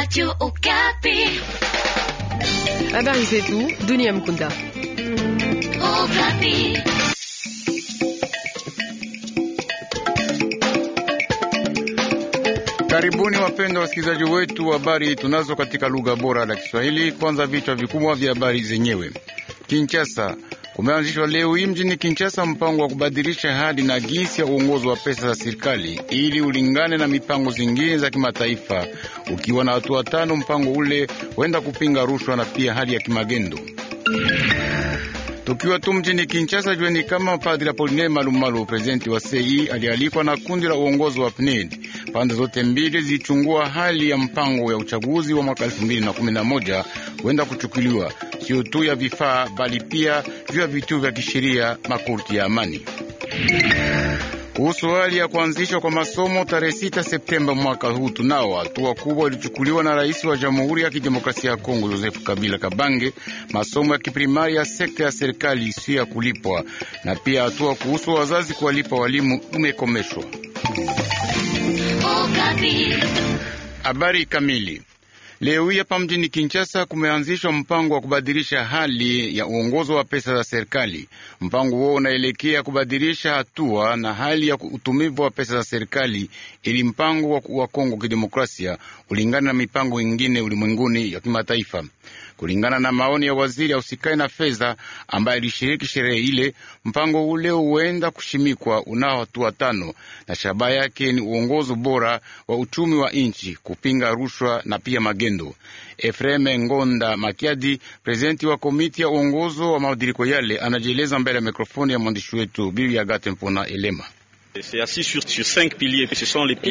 Radio Okapi. Habari zetu dunia mkunda. Okapi. Karibuni wapendwa wasikilizaji wetu, wa habari tunazo katika lugha bora la Kiswahili. Kwanza vichwa vikubwa vya habari zenyewe. Kinshasa Umeanzishwa leo hii mjini Kinshasa mpango wa kubadilisha hali na jinsi ya uongozi wa pesa za serikali ili ulingane na mipango zingine za kimataifa, ukiwa na hatua tano. Mpango ule huenda kupinga rushwa na pia hali ya kimagendo. Tukiwa tu mjini Kinshasa, jueni kama Padri Apoline Malumalu, prezidenti wa sei, alialikwa na kundi la uongozi wa PNID. E Pande zote mbili zilichungua hali ya mpango ya uchaguzi wa mwaka 2011 huenda kuchukuliwa sio tu ya vifaa bali pia vya vituo vya kisheria makurti ya amani. Kuhusu hali ya kuanzishwa kwa masomo tarehe 6 Septemba mwaka huu, tunao hatua kubwa ilichukuliwa na rais wa Jamhuri ya Kidemokrasia ya Kongo Joseph Kabila Kabange, masomo ya kiprimari ya sekta ya serikali isiyo ya kulipwa, na pia hatua kuhusu wazazi kuwalipa walimu umekomeshwa. Oh, Habari kamili Leo hii hapa mjini Kinshasa kumeanzishwa mpango wa kubadilisha hali ya uongozo wa pesa za serikali. Mpango huo unaelekea kubadilisha hatua na hali ya utumivu wa pesa za serikali, ili mpango wa Kongo Kidemokrasia ulingana na mipango mingine ulimwenguni ya kimataifa. Kulingana na maoni ya waziri usikai na fedha ambaye alishiriki sherehe ile, mpango ule huenda kushimikwa unao hatua tano, na shabaha yake ni uongozi bora wa uchumi wa nchi, kupinga rushwa na pia magendo. Efreme Ngonda Makiadi, prezidenti wa komiti ya uongozo wa mabadiliko yale, anajieleza mbele ya mikrofoni ya mwandishi wetu Bibi Agate Mpona Elema.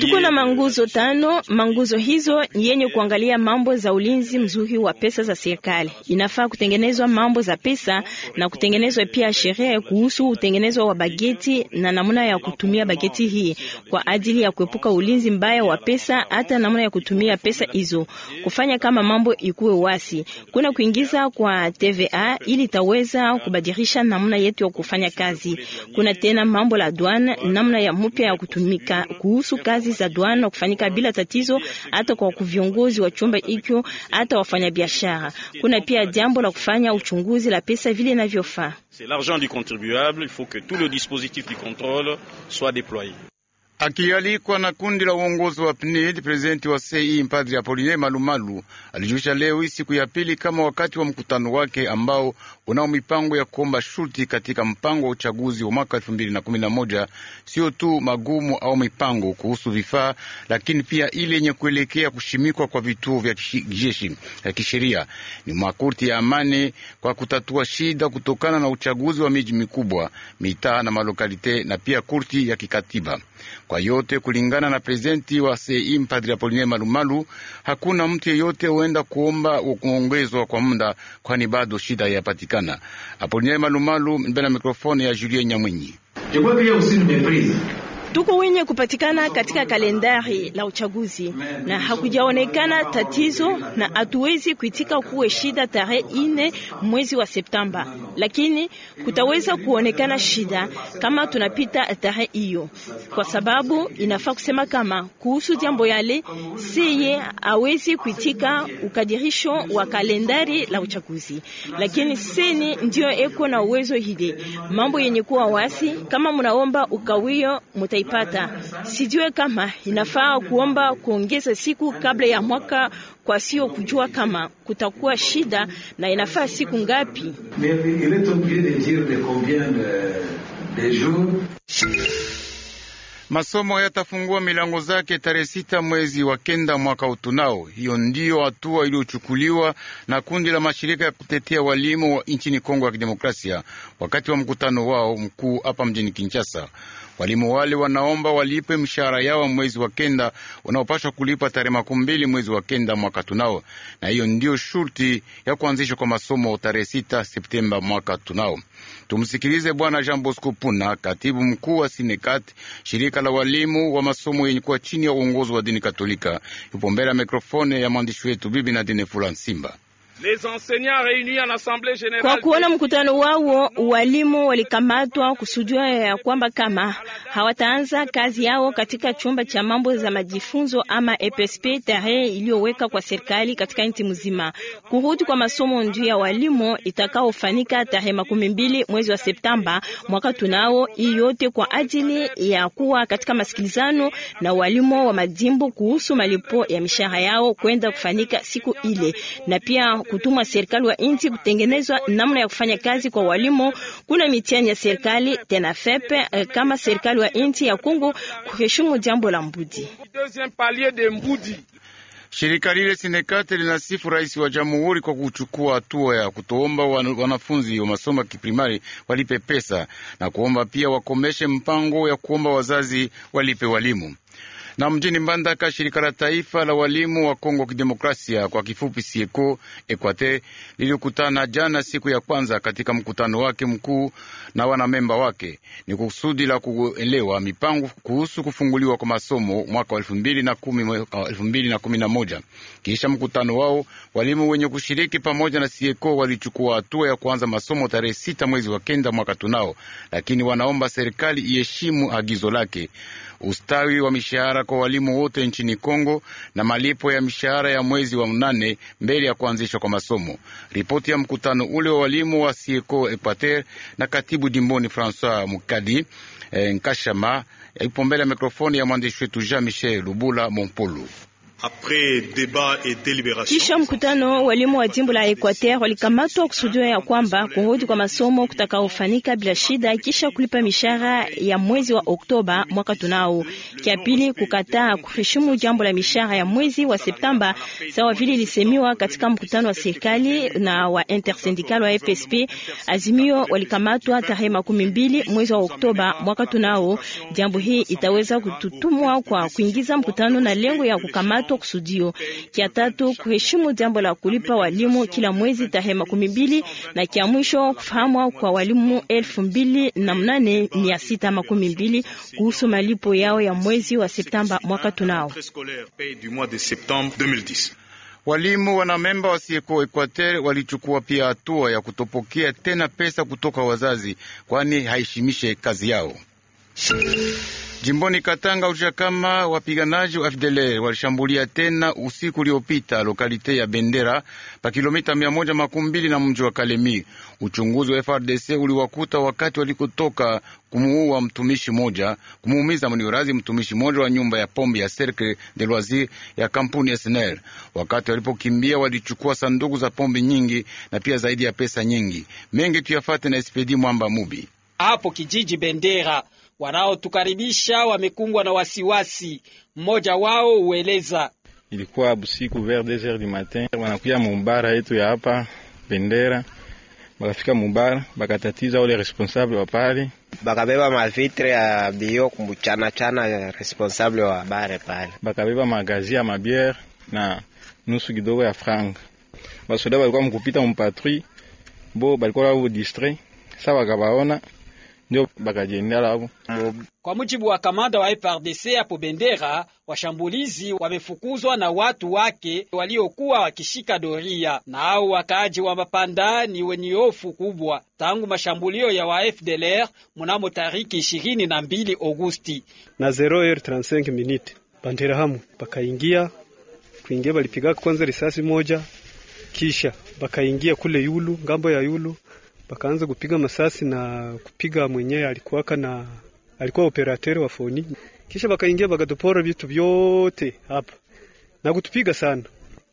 Tuko na manguzo tano. Manguzo hizo ni yenye kuangalia mambo za ulinzi mzuri wa pesa za serikali. Inafaa kutengenezwa mambo za pesa na kutengenezwa pia sheria kuhusu utengenezwa wa bageti na namna ya kutumia bageti hii kwa ajili ya kuepuka ulinzi mbaya wa pesa, hata namna ya kutumia pesa hizo, kufanya kama mambo ikuwe wasi. Kuna kuingiza kwa TVA ili taweza kubadilisha namna yetu ya kufanya kazi. Kuna tena mambo la douane na namna ya mpya ya kutumika kuhusu kazi za duana kufanyika bila tatizo, hata kwa viongozi wa chumba hicho, hata wafanyabiashara. Kuna pia jambo la kufanya uchunguzi la pesa vile inavyofaa. C'est l'argent du contribuable, il faut que tout le dispositif du contrôle soit déployé. Akialikwa na kundi la uongozi wa PNID, e prezidenti wa CI mpadri Apoline Malumalu alijusha leo hii siku ya pili kama wakati wa mkutano wake ambao unao mipango ya kuomba shurti katika mpango wa uchaguzi wa mwaka 2011, sio tu magumu au mipango kuhusu vifaa, lakini pia ile yenye kuelekea kushimikwa kwa vituo vya jeshi ya kisheria ni makurti ya amani kwa kutatua shida kutokana na uchaguzi wa miji mikubwa, mitaa na malokalite na pia kurti ya kikatiba kwa yote. Kulingana na prezidenti wa sei mpadri apoline Malumalu, hakuna mtu yeyote huenda kuomba kuongezwa kwa muda, kwani bado shida yapatikana. apoline Malumalu mbele ya mikrofoni ya Julien Nyamwinyi tuko wenye kupatikana katika kalendari la uchaguzi na hakujaonekana tatizo, na hatuwezi kuitika kuwe shida tarehe ine mwezi wa Septemba, lakini kutaweza kuonekana shida kama tunapita tarehe hiyo, kwa sababu inafaa kusema kama kuhusu jambo yale siye awezi kuitika ukadirisho wa kalendari la uchaguzi, lakini seni ndio eko na uwezo hili mambo yenye kuwa wasi. Kama mnaomba ukawio muta hatujaipata. Sijue kama inafaa kuomba kuongeza siku kabla ya mwaka, kwa sio kujua kama kutakuwa shida na inafaa siku ngapi. Masomo yatafungua milango zake tarehe sita mwezi wa kenda mwaka utunao. Hiyo ndiyo hatua iliyochukuliwa na kundi la mashirika ya kutetea walimu wa nchini Kongo ya Kidemokrasia wakati wa mkutano wao mkuu hapa mjini Kinshasa. Walimu wale wanaomba walipe mshahara yao mwezi wa kenda wanaopashwa kulipa tarehe makumi mbili mwezi wa kenda mwaka tunao, na hiyo ndiyo shurti ya kuanzishwa kwa masomo tarehe sita Septemba mwaka tunao. Tumsikilize Bwana Jean Bosco Puna, katibu mkuu wa Sinekat, shirika la walimu wa masomo yenye kuwa chini ya uongozi wa dini Katolika. Yupo mbele ya mikrofone ya mwandishi wetu Bibi Nadine Fula Nsimba. Kwa kuona mkutano wao, walimu walikamatwa kusudia ya kwamba kama hawataanza kazi yao katika chumba cha mambo za majifunzo ama EPSP tarehe iliyoweka kwa serikali katika nchi mzima. Kurudi kwa masomo ndio ya walimu itakaofanyika tarehe makumi mbili mwezi wa Septemba mwaka tunao. Hii yote kwa ajili ya kuwa katika masikilizano na walimu wa majimbo kuhusu malipo ya mishahara yao kwenda kufanyika siku ile, na pia kutumwa serikali wa nchi kutengenezwa namna ya kufanya kazi kwa walimu. Kuna mitihani ya serikali tena fepe eh, kama serikali wa nchi ya Kongo kuheshimu jambo la Mbudi. Shirika lile Sinekate linasifu rais wa jamhuri kwa kuchukua hatua ya kutoomba wanafunzi wa masomo ya kiprimari walipe pesa na kuomba pia wakomeshe mpango ya kuomba wazazi walipe walimu. Na mjini Mbandaka, shirika la taifa la walimu wa Kongo Kidemokrasia, kwa kifupi SIEKO Ekwate, lilikutana jana siku ya kwanza katika mkutano wake mkuu na wanamemba wake, ni kusudi la kuelewa mipango kuhusu kufunguliwa kwa masomo mwaka wa elfu mbili na kumi, elfu mbili na kumi na moja. Kisha mkutano wao, walimu wenye kushiriki pamoja na SIEKO walichukua hatua ya kuanza masomo tarehe sita mwezi wa kenda mwaka tunao, lakini wanaomba serikali iheshimu agizo lake ustawi wa mishahara kwa walimu wote nchini Kongo na malipo ya mishahara ya mwezi wa mnane mbele ya kuanzishwa kwa masomo. Ripoti ya mkutano ule wa walimu wa Sieko equater na katibu dimboni Francois Mukadi eh, Nkashama ipo mbele ya mikrofoni ya mwandishi wetu Jean Michel Lubula mompolu kisha mkutano walimu wa jimbo la Equateur walikamatwa kusudia ya kwamba kurudi kwa masomo kutakaofanyika bila shida, kisha kulipa mishahara ya mwezi wa Oktoba mwaka tunao. Kia pili, kukataa kuheshimu jambo la mishahara ya mwezi wa Septemba sawa vile ilisemiwa katika mkutano wa serikali na wa intersyndical wa FSP. Azimio walikamatwa tarehe makumi mbili mwezi wa Oktoba mwaka tunao. Jambo hii itaweza kututumwa kwa kuingiza mkutano na lengo ya kukamata watoto kusudio. Kia tatu, kuheshimu jambo la kulipa walimu kila mwezi tarehe makumi mbili, na kia mwisho kufahamwa kwa walimu elfu mbili na mnane mia sita makumi mbili kuhusu malipo yao ya mwezi wa Septemba mwaka tunao. Walimu wanamemba wasiyeko Ekwater walichukua pia hatua ya kutopokea tena pesa kutoka wazazi, kwani haishimishe kazi yao. Jimboni Katanga ushakama wapiganaji wa FDLR walishambulia tena usiku uliopita lokalite ya Bendera pa kilomita mia moja makumi mbili na mji wa Kalemi. Uchunguzi wa FRDC uliwakuta wakati walikotoka kumuua mtumishi moja, kumuumiza mniurazi mtumishi moja wa nyumba ya pombe ya Cercle de Loisir ya kampuni snl Wakati walipokimbia walichukua sanduku za pombe nyingi na pia zaidi ya pesa nyingi. Mengi tuyafate na SPD Mwamba Mubi hapo kijiji Bendera wanaotukaribisha wamekumbwa na wasiwasi. Mmoja wao hueleza: ilikuwa busiku vers 2h du matin, wanakuja mubara yetu ya hapa Bendera, bakafika mumbara bakatatiza ule responsable wa pale, bakabeba mavitre ya bio kumchana chana responsable wa bare pale, bakabeba magazi ya mabiere na nusu kidogo ya franga. Basoda balikuwa mkupita mpatri bo balikuwa au distrait, sasa ndio bakajiendela hapo. Ah. Kwa mujibu wa kamanda wa FRDC hapo Bendera, washambulizi wamefukuzwa na watu wake waliokuwa wakishika doria, na au wakaaji wa Mapanda ni wenye hofu kubwa tangu mashambulio ya wa FDLR mnamo tariki 22 na mbili Agosti na 0:35 minute Bandera hamu bakaingia kuingia, balipiga kwanza risasi moja, kisha bakaingia kule yulu ngambo ya yulu bakaanza kupiga masasi na kupiga mwenyewe, alikuwaka na alikuwa operateur wa foni, kisha bakaingia bakatupora vitu vyote hapa na kutupiga sana,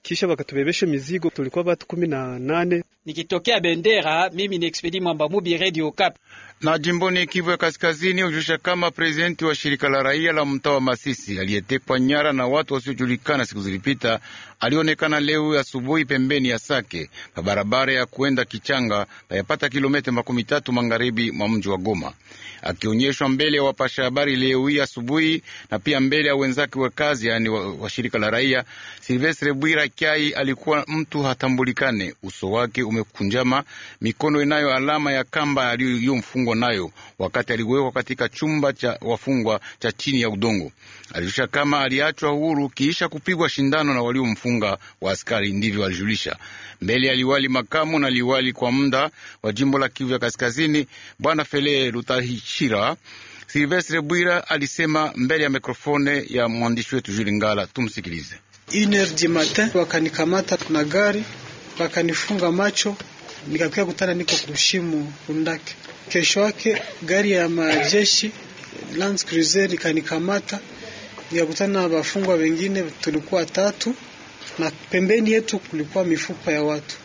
kisha bakatubebesha mizigo. Tulikuwa watu kumi na nane. Nikitokea Bendera, mimi ni Expedi Mwamba Mubi, Radio Cap na jimboni Kivu ya Kaskazini hujulisha kama prezidenti wa shirika la raia la mtaa wa Masisi aliyetekwa nyara na watu wasiojulikana siku zilipita alionekana leo asubuhi pembeni ya Sake na barabara ya kuenda Kichanga payapata kilomita makumi tatu magharibi mwa mji wa Goma, akionyeshwa mbele ya wapasha habari leo hii asubuhi na pia mbele ya wenzake wa kazi, yaani wa, wa shirika la raia. Silvestre Bwira Kyai alikuwa mtu hatambulikane, uso wake umekunjama, mikono inayo alama ya kamba aliyomfunga alifungwa nayo wakati aliwekwa katika chumba cha wafungwa cha chini ya udongo. Alijulisha kama aliachwa huru kiisha kupigwa shindano na waliomfunga wa askari, ndivyo alijulisha mbele ya liwali makamu na liwali kwa muda wa jimbo la Kivu ya Kaskazini, Bwana Fele lutahichira Silvestre Bwira alisema mbele ya mikrofone ya mwandishi wetu Juli Ngala. Tumsikilize. Wakanikamata na gari wakanifunga macho nikatokea kutana niko kushimu undake Kesho yake gari ya majeshi Land Cruiser ikanikamata, nikakutana na wafungwa wengine, tulikuwa tatu, na pembeni yetu kulikuwa mifupa ya watu.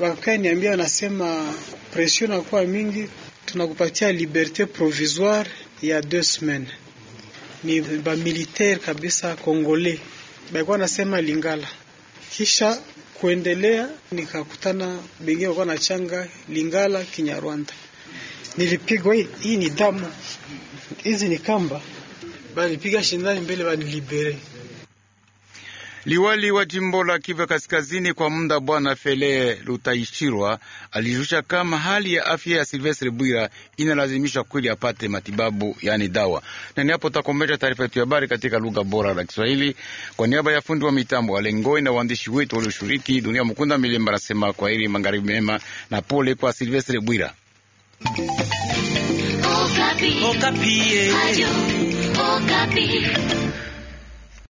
Wakakaa niambia, wanasema pression inakuwa mingi, tunakupatia liberte provisoire ya deux semaines. Ni ba militaire kabisa Kongole, baikuwa nasema Lingala kisha kuendelea, nikakutana bengine walikuwa na changa Lingala, Kinyarwanda, nilipigwa. Hii ni damu, hizi ni kamba, balipiga shindani mbele, banilibere Liwali wa jimbo la Kivu Kaskazini kwa muda Bwana Fele Lutaishirwa alijulisha kama hali ya afya ya Silvestre Bwira inalazimisha kweli apate matibabu, yani dawa. Na ni hapo takomesha taarifa yetu ya habari katika lugha bora la Kiswahili. Kwa niaba ya fundi wa mitambo Alengoi na waandishi wetu walioshiriki, Dunia mkunda Milemba anasema kwa heri, magharibi mema na pole kwa Silvestre Bwira. Okapi. Okapi. Eh.